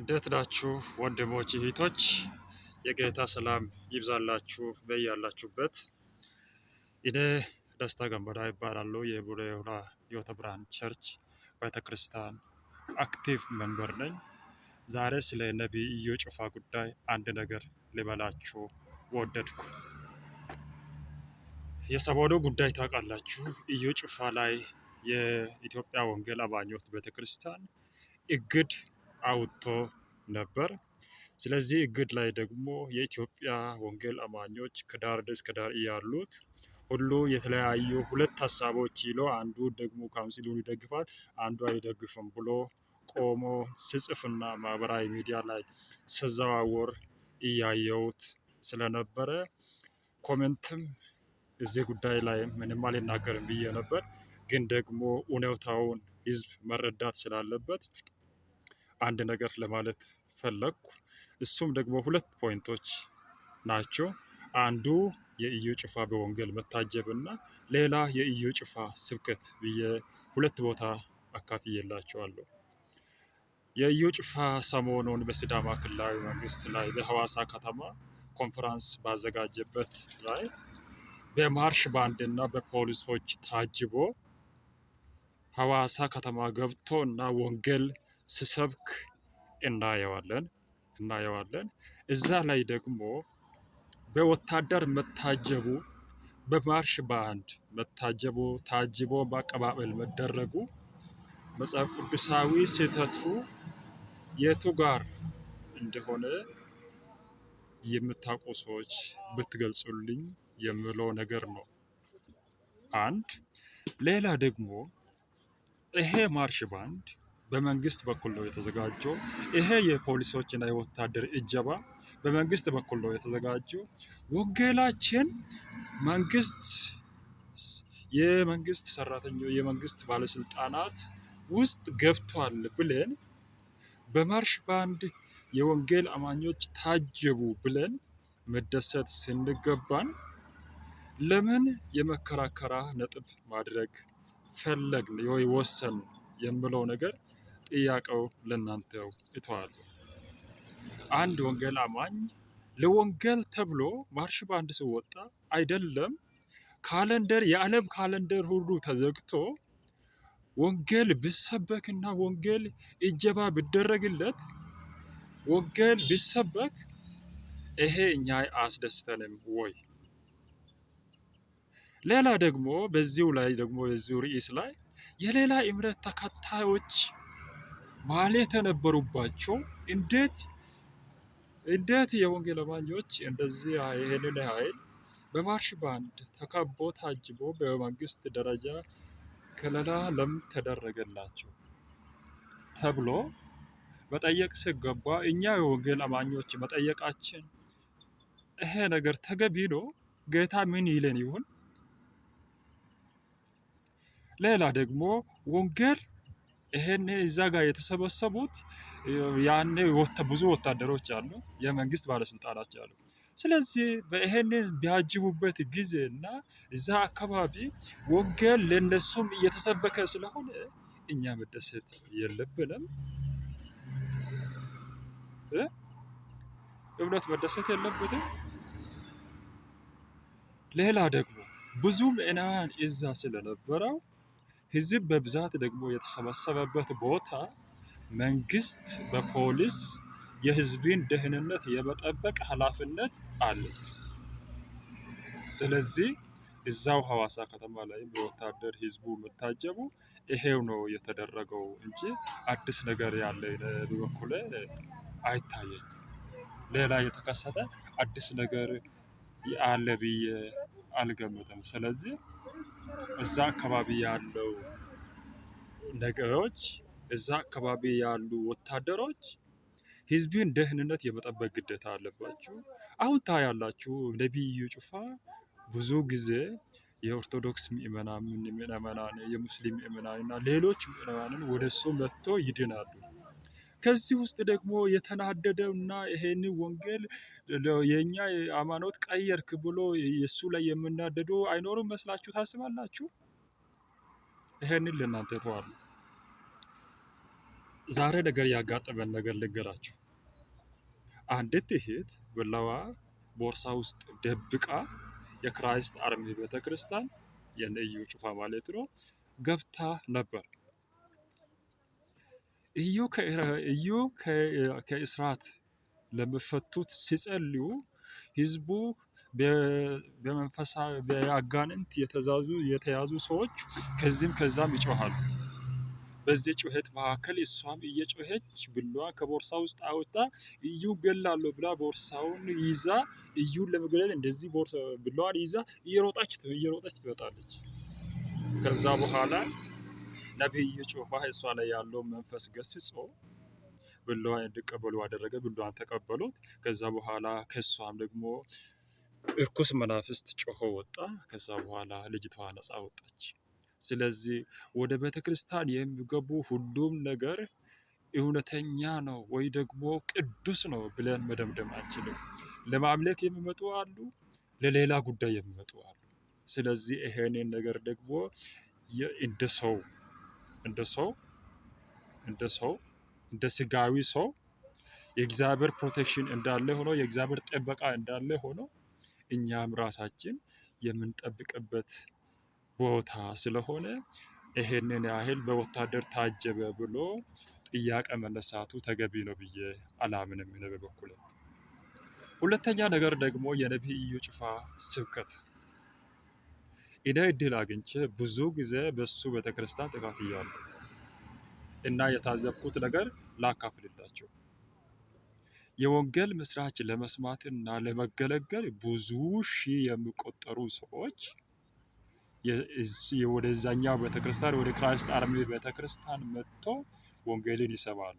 እንዴት ናችሁ ወንድሞች እህቶች? የጌታ ሰላም ይብዛላችሁ በያላችሁበት። እኔ ደስታ ገንበዳ ይባላሉ። የቡሬ ሆራ ሕይወተ ብርሃን ቸርች ቤተክርስቲያን አክቲቭ መንበር ነኝ። ዛሬ ስለ ነቢይ ኢዩ ጩፋ ጉዳይ አንድ ነገር ልበላችሁ ወደድኩ። የሰሞኑ ጉዳይ ታውቃላችሁ። ኢዩ ጩፋ ላይ የኢትዮጵያ ወንጌል አማኞት ቤተክርስቲያን እግድ አውጥቶ ነበር። ስለዚህ እግድ ላይ ደግሞ የኢትዮጵያ ወንጌል አማኞች ከዳር እስከ ዳር እያሉት ሁሉ የተለያዩ ሁለት ሀሳቦች ይሎ አንዱ ደግሞ ካውንስሉን ይደግፋል፣ አንዱ አይደግፍም ብሎ ቆሞ ስጽፍና ማህበራዊ ሚዲያ ላይ ስዘዋወር እያየውት ስለነበረ ኮሜንትም እዚህ ጉዳይ ላይ ምንም አልናገርም ብዬ ነበር። ግን ደግሞ እውነታውን ህዝብ መረዳት ስላለበት አንድ ነገር ለማለት ፈለግኩ። እሱም ደግሞ ሁለት ፖይንቶች ናቸው። አንዱ የኢዩ ጭፋ በወንጌል መታጀብ እና ሌላ የኢዩ ጭፋ ስብከት ብዬ ሁለት ቦታ አካፍዬላቸዋለሁ። የኢዩ ጭፋ ሰሞኑን በሲዳማ ክልላዊ መንግስት ላይ በሐዋሳ ከተማ ኮንፈራንስ ባዘጋጀበት ላይ በማርሽ እና በፖሊሶች ታጅቦ ሐዋሳ ከተማ ገብቶ እና ወንጌል ስሰብክ እናየዋለን እናየዋለን። እዛ ላይ ደግሞ በወታደር መታጀቡ በማርሽ ባንድ መታጀቡ ታጅቦ በአቀባበል መደረጉ መጽሐፍ ቅዱሳዊ ስህተቱ የቱ ጋር እንደሆነ የምታውቁ ሰዎች ብትገልጹልኝ የምለው ነገር ነው። አንድ ሌላ ደግሞ ይሄ ማርሽ ባንድ በመንግስት በኩል ነው የተዘጋጀው። ይሄ እና የወታደር እጀባ በመንግስት በኩል ነው የተዘጋጀው። ወንጌላችን መንግስት የመንግስት ሰራተኞ የመንግስት ባለስልጣናት ውስጥ ገብቷል ብለን በማርሽ ባንድ የወንጌል አማኞች ታጀቡ ብለን መደሰት ስንገባን ለምን የመከራከራ ነጥብ ማድረግ ፈለግን ወይ ወሰን የምለው ነገር ጥያቄው ለእናንተው እተዋለሁ። አንድ ወንጌል አማኝ ለወንጌል ተብሎ ማርሽ ባንድ ስወጣ አይደለም ካለንደር የዓለም ካለንደር ሁሉ ተዘግቶ ወንጌል ብሰበክና ወንጌል እጀባ ብደረግለት ወንጌል ብሰበክ ይሄ እኛ አስደስተንም ወይ? ሌላ ደግሞ በዚሁ ላይ ደግሞ በዚሁ ርዕስ ላይ የሌላ እምነት ተከታዮች ማል የነበሩባቸው እንዴት እንዴት የወንጌል አማኞች እንደዚህ ይህንን ኃይል በማርሽ ባንድ ተከቦ ታጅቦ በመንግስት ደረጃ ከለላ ለምን ተደረገላቸው ተብሎ መጠየቅ ሲገባ እኛ የወንጌል አማኞች መጠየቃችን ይሄ ነገር ተገቢ ነው? ጌታ ምን ይለን ይሆን? ሌላ ደግሞ ወንጌል ይሄን እዛ ጋር የተሰበሰቡት ያኔ ብዙ ወታደሮች አሉ፣ የመንግስት ባለስልጣናት አሉ። ስለዚህ ይሄንን ቢያጅቡበት ጊዜና እዛ አካባቢ ወንጌል ለነሱም እየተሰበከ ስለሆነ እኛ መደሰት የለብንም። እምነት መደሰት የለበትም። ሌላ ደግሞ ብዙ ምዕመናን እዛ ስለነበረው ህዝብ በብዛት ደግሞ የተሰበሰበበት ቦታ መንግስት በፖሊስ የህዝብን ደህንነት የመጠበቅ ኃላፊነት አለው። ስለዚህ እዛው ሀዋሳ ከተማ ላይ በወታደር ህዝቡ መታጀቡ ይሄው ነው የተደረገው እንጂ አዲስ ነገር ያለ በበኩሌ አይታየኝም። ሌላ የተከሰተ አዲስ ነገር አለ ብዬ አልገምትም። ስለዚህ እዛ አካባቢ ያለው ነገሮች እዛ አካባቢ ያሉ ወታደሮች ህዝብን ደህንነት የመጠበቅ ግዴታ አለባችሁ። አሁን ታያላችሁ ነቢዩ ጩፋ ብዙ ጊዜ የኦርቶዶክስ ምእመናን፣ የሙስሊም ምእመናን እና ሌሎች ምእመናንን ወደ እሱ መጥቶ ይድናሉ። ከዚህ ውስጥ ደግሞ የተናደደው እና ይሄን ወንጌል የእኛ ሃይማኖት ቀየርክ ብሎ እሱ ላይ የምናደዱ አይኖሩም መስላችሁ ታስባላችሁ? ይሄንን ለእናንተ ተዋሉ። ዛሬ ነገር ያጋጠመን ነገር ልገራችሁ። አንዲት እህት ብላዋ ቦርሳ ውስጥ ደብቃ የክራይስት አርሚ ቤተክርስቲያን የነዩ ጩፋ ማለት ነው ገብታ ነበር። እዩ ከእስራት ለመፈቱት ሲጸልዩ ህዝቡ በመንፈሳዊ በአጋንንት የተያዙ ሰዎች ከዚህም ከዛም ይጮሃሉ። በዚህ ጩኸት መካከል እሷም እየጮኸች ብሏ ከቦርሳ ውስጥ አወጣ እዩ ገላለሁ ብላ ቦርሳውን ይዛ እዩን ለመግደል እንደዚህ ብሏን ይዛ እየሮጣች እየሮጣች ትመጣለች። ከዛ በኋላ ነቢይ ጮባ እሷ ላይ ያለው መንፈስ ገስጾ ብሏ እንዲቀበሉ አደረገ። ብሏ ተቀበሉት። ከዛ በኋላ ከእሷም ደግሞ እርኩስ መናፍስት ጮሆ ወጣ። ከዛ በኋላ ልጅቷ ነጻ ወጣች። ስለዚህ ወደ ቤተ ክርስቲያን የሚገቡ ሁሉም ነገር እውነተኛ ነው ወይ ደግሞ ቅዱስ ነው ብለን መደምደም አንችልም። ለማምለክ የሚመጡ አሉ፣ ለሌላ ጉዳይ የሚመጡ አሉ። ስለዚህ ይሄንን ነገር ደግሞ እንደ ሰው እንደ ሰው እንደ ሰው እንደ ስጋዊ ሰው የእግዚአብሔር ፕሮቴክሽን እንዳለ ሆኖ የእግዚአብሔር ጥበቃ እንዳለ ሆኖ እኛም ራሳችን የምንጠብቅበት ቦታ ስለሆነ ይሄንን ያህል በወታደር ታጀበ ብሎ ጥያቄ መነሳቱ ተገቢ ነው ብዬ አላምንም። እኔ በበኩሌ ሁለተኛ ነገር ደግሞ የነቢይ ኢዩ ጩፋ ስብከት እኔ እድል አግኝቼ ብዙ ጊዜ በሱ ቤተክርስቲያን ተካፍያለሁ እና የታዘብኩት ነገር ላካፍልላቸው። የወንጌል ምስራች ለመስማትና ለመገለገል ብዙ ሺህ የሚቆጠሩ ሰዎች ወደዛኛው ቤተክርስቲያን ወደ ክራይስት አርሚ ቤተክርስቲያን መጥቶ ወንጌልን ይሰማሉ፣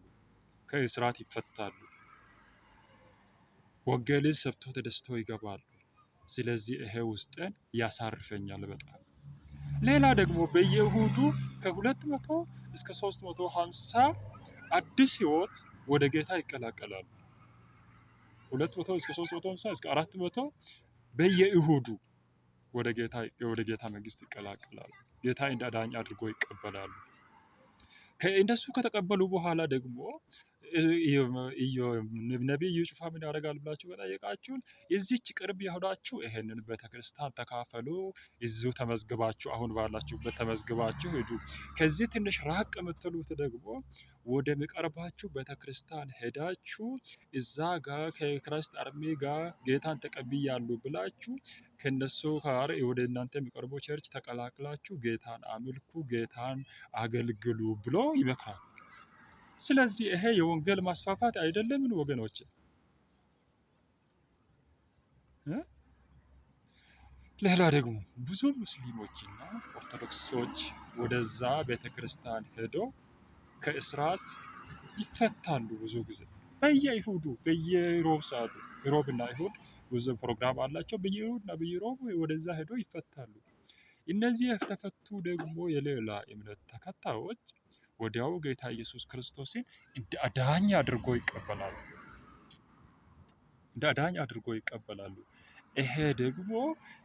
ከእስራት ይፈታሉ፣ ወንጌልን ሰብቶ ተደስተው ይገባሉ። ስለዚህ ይሄ ውስጤን ያሳርፈኛል በጣም። ሌላ ደግሞ በየእሁዱ ከሁለት መቶ እስከ 350 አዲስ ህይወት ወደ ጌታ ይቀላቀላሉ። 200 እስከ 350 እስከ 400 በየእሁዱ ወደ ጌታ ወደ ጌታ መንግስት ይቀላቀላሉ። ጌታ እንደ አድርጎ ይቀበላሉ። ከእንደሱ ከተቀበሉ በኋላ ደግሞ ነቢዩ ጩፋ ምን ያደርጋል ብላችሁ በጠየቃችሁን የዚች ቅርብ የሆዳችሁ ይሄንን ቤተክርስቲያን ተካፈሉ። እዚሁ ተመዝግባችሁ አሁን ባላችሁበት ተመዝግባችሁ ሂዱ። ከዚህ ትንሽ ራቅ የምትሉት ደግሞ ወደ ሚቀርባችሁ ቤተክርስቲያን ሄዳችሁ እዛ ጋር ከክራይስት አርሜ ጋር ጌታን ተቀብያሉ ብላችሁ ከነሱ ጋር ወደ እናንተ የሚቀርበው ቸርች ተቀላቅላችሁ ጌታን አምልኩ፣ ጌታን አገልግሉ ብሎ ይመክራል። ስለዚህ ይሄ የወንጌል ማስፋፋት አይደለምን ወገኖች? ሌላ ደግሞ ብዙ ሙስሊሞችና ኦርቶዶክሶች ወደዛ ቤተ ክርስቲያን ሄደው ከእስራት ይፈታሉ። ብዙ ጊዜ በየይሁዱ በየሮብ ሰዓቱ ሮብና ይሁድ ብዙ ፕሮግራም አላቸው። በየይሁድና በየሮብ ወደዛ ሄዶ ይፈታሉ። እነዚህ የተፈቱ ደግሞ የሌላ እምነት ተከታዮች ወዲያው ጌታ ኢየሱስ ክርስቶስን እንደ አዳኝ አድርጎ ይቀበላሉ። እንደ አዳኝ አድርጎ ይቀበላሉ። ይሄ ደግሞ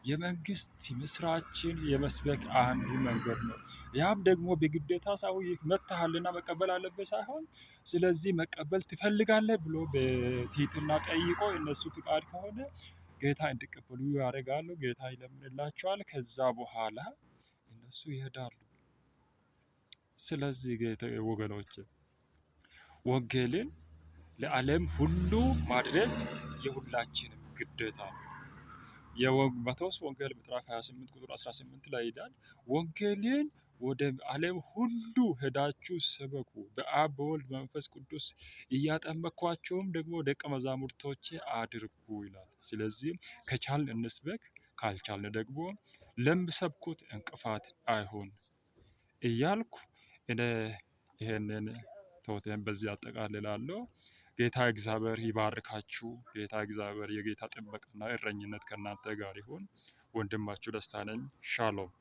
የመንግስት ምስራችን የመስበክ አንዱ መንገድ ነው። ያም ደግሞ በግዴታ ይህ መታሃልና መቀበል አለበት ሳይሆን፣ ስለዚህ መቀበል ትፈልጋለህ ብሎ በትህትና ጠይቆ እነሱ ፍቃድ ከሆነ ጌታ እንዲቀበሉ ያደርጋሉ። ጌታ ይለምንላቸዋል። ከዛ በኋላ እነሱ ይሄዳሉ። ስለዚህ ወገኖች ወንጌልን ለዓለም ሁሉ ማድረስ የሁላችንም ግዴታ ነው። የማቴዎስ ወንጌል ምዕራፍ 28 ቁጥር 18 ላይ ይላል ወንጌልን ወደ ዓለም ሁሉ ሄዳችሁ ስበኩ፣ በአብ በወልድ መንፈስ ቅዱስ እያጠመኳቸውም ደግሞ ደቀ መዛሙርቶቼ አድርጉ ይላል። ስለዚህ ከቻልን እንስበክ፣ ካልቻልን ደግሞ ለምሰብኩት እንቅፋት አይሆን እያልኩ እኔ ይሄንን ትምህርቴን በዚህ አጠቃልላለሁ። ጌታ እግዚአብሔር ይባርካችሁ። ጌታ እግዚአብሔር የጌታ ጥበቃና እረኝነት ከእናንተ ጋር ይሁን። ወንድማችሁ ደስታ ነኝ። ሻሎም